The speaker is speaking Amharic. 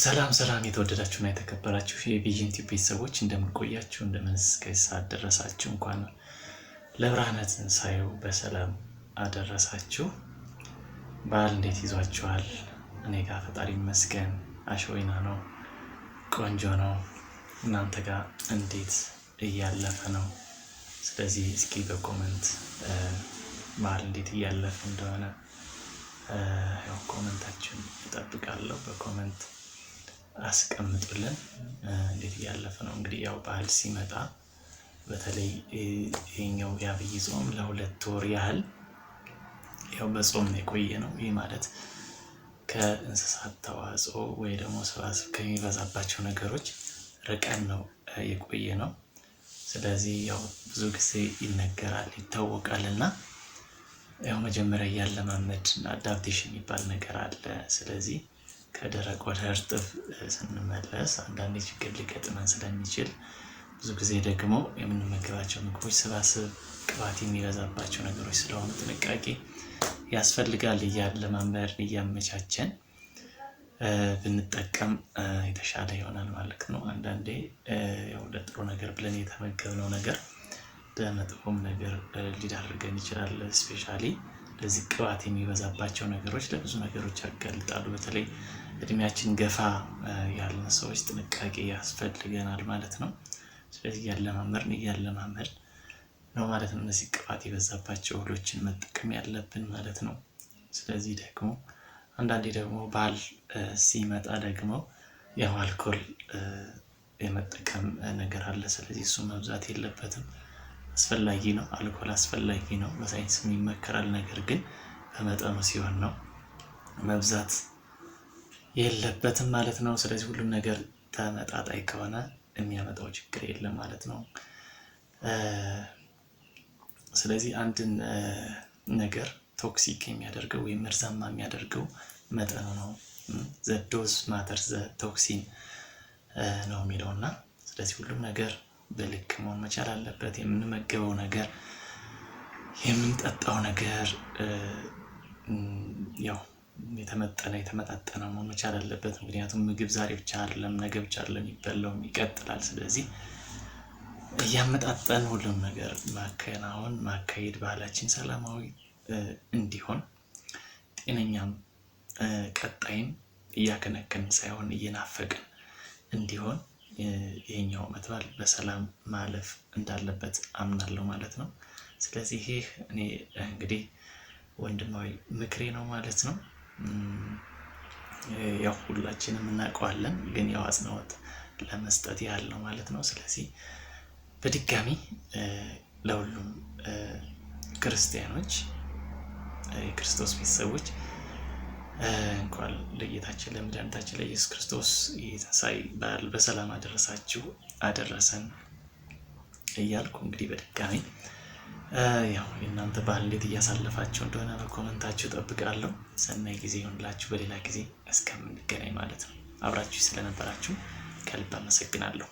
ሰላም ሰላም የተወደዳችሁና የተከበራችሁ የቪዥን ቲዩብ ቤተሰቦች እንደምንቆያችሁ እንደምንስከ ሰዓት እንኳን ለብርሃነ ትንሣኤው በሰላም አደረሳችሁ። በዓል እንዴት ይዟችኋል? እኔ ጋር ፈጣሪ ይመስገን አሸወይና ነው፣ ቆንጆ ነው። እናንተ ጋር እንዴት እያለፈ ነው? ስለዚህ እስኪ በኮመንት በዓል እንዴት እያለፈ እንደሆነ ኮመንታችን እጠብቃለሁ በኮመንት አስቀምጡልን እንዴት እያለፈ ነው። እንግዲህ ያው ባህል ሲመጣ በተለይ ይሄኛው የአብይ ጾም ለሁለት ወር ያህል ያው በጾም የቆየ ነው። ይህ ማለት ከእንስሳት ተዋጽኦ ወይ ደግሞ ሰባስብ ከሚበዛባቸው ነገሮች ርቀን ነው የቆየ ነው። ስለዚህ ያው ብዙ ጊዜ ይነገራል ይታወቃል። እና ያው መጀመሪያ እያለማመድ አዳፕቴሽን የሚባል ነገር አለ። ስለዚህ ከደረቅ ወደ እርጥብ ስንመለስ አንዳንዴ ችግር ሊገጥመን ስለሚችል ብዙ ጊዜ ደግሞ የምንመገባቸው ምግቦች ስባስብ፣ ቅባት የሚበዛባቸው ነገሮች ስለሆኑ ጥንቃቄ ያስፈልጋል። ለማንበር እያመቻቸን ብንጠቀም የተሻለ ይሆናል ማለት ነው። አንዳንዴ ለጥሩ ነገር ብለን የተመገብነው ነገር ለመጥፎም ነገር ሊዳርገን ይችላል ስፔሻሊ እንደዚህ ቅባት የሚበዛባቸው ነገሮች ለብዙ ነገሮች ያጋልጣሉ። በተለይ እድሜያችን ገፋ ያለን ሰዎች ጥንቃቄ ያስፈልገናል ማለት ነው። ስለዚህ እያለማመርን እያለማመርን ነው ማለት ነው። እነዚህ ቅባት የበዛባቸው እህሎችን መጠቀም ያለብን ማለት ነው። ስለዚህ ደግሞ አንዳንዴ ደግሞ ባል ሲመጣ ደግሞ ያው አልኮል የመጠቀም ነገር አለ። ስለዚህ እሱ መብዛት የለበትም። አስፈላጊ ነው። አልኮል አስፈላጊ ነው፣ በሳይንስም ይመከራል። ነገር ግን በመጠኑ ሲሆን ነው፣ መብዛት የለበትም ማለት ነው። ስለዚህ ሁሉም ነገር ተመጣጣኝ ከሆነ የሚያመጣው ችግር የለም ማለት ነው። ስለዚህ አንድን ነገር ቶክሲክ የሚያደርገው ወይም መርዛማ የሚያደርገው መጠኑ ነው። ዘ ዶዝ ማተር ዘ ቶክሲን ነው የሚለው እና ስለዚህ ሁሉም ነገር በልክ መሆን መቻል አለበት። የምንመገበው ነገር፣ የምንጠጣው ነገር ያው የተመጠነ የተመጣጠነ መሆን መቻል አለበት። ምክንያቱም ምግብ ዛሬ ብቻ አይደለም፣ ነገ ብቻ አይደለም፣ ይበላውም ይቀጥላል። ስለዚህ እያመጣጠን ሁሉም ነገር ማከናወን ማካሄድ ባህላችን ሰላማዊ እንዲሆን ጤነኛም ቀጣይም እያከነከን ሳይሆን እየናፈቅን እንዲሆን ይህኛው ዓመት በዓል በሰላም ማለፍ እንዳለበት አምናለሁ ማለት ነው። ስለዚህ ይህ እኔ እንግዲህ ወንድማዊ ምክሬ ነው ማለት ነው። ያው ሁላችንም እናውቀዋለን፣ ግን ያው አጽንኦት ለመስጠት ያህል ነው ማለት ነው። ስለዚህ በድጋሚ ለሁሉም ክርስቲያኖች የክርስቶስ ቤተሰቦች እንኳን ለጌታችን ለመድኃኒታችን ለኢየሱስ ክርስቶስ የትንሣኤ በዓል በሰላም አደረሳችሁ አደረሰን እያልኩ እንግዲህ በድጋሚ ያው የእናንተ በዓል እንዴት እያሳለፋችሁ እንደሆነ በኮመንታችሁ ጠብቃለሁ። ሰናይ ጊዜ ይሆንላችሁ። በሌላ ጊዜ እስከምንገናኝ ማለት ነው። አብራችሁ ስለነበራችሁ ከልብ አመሰግናለሁ።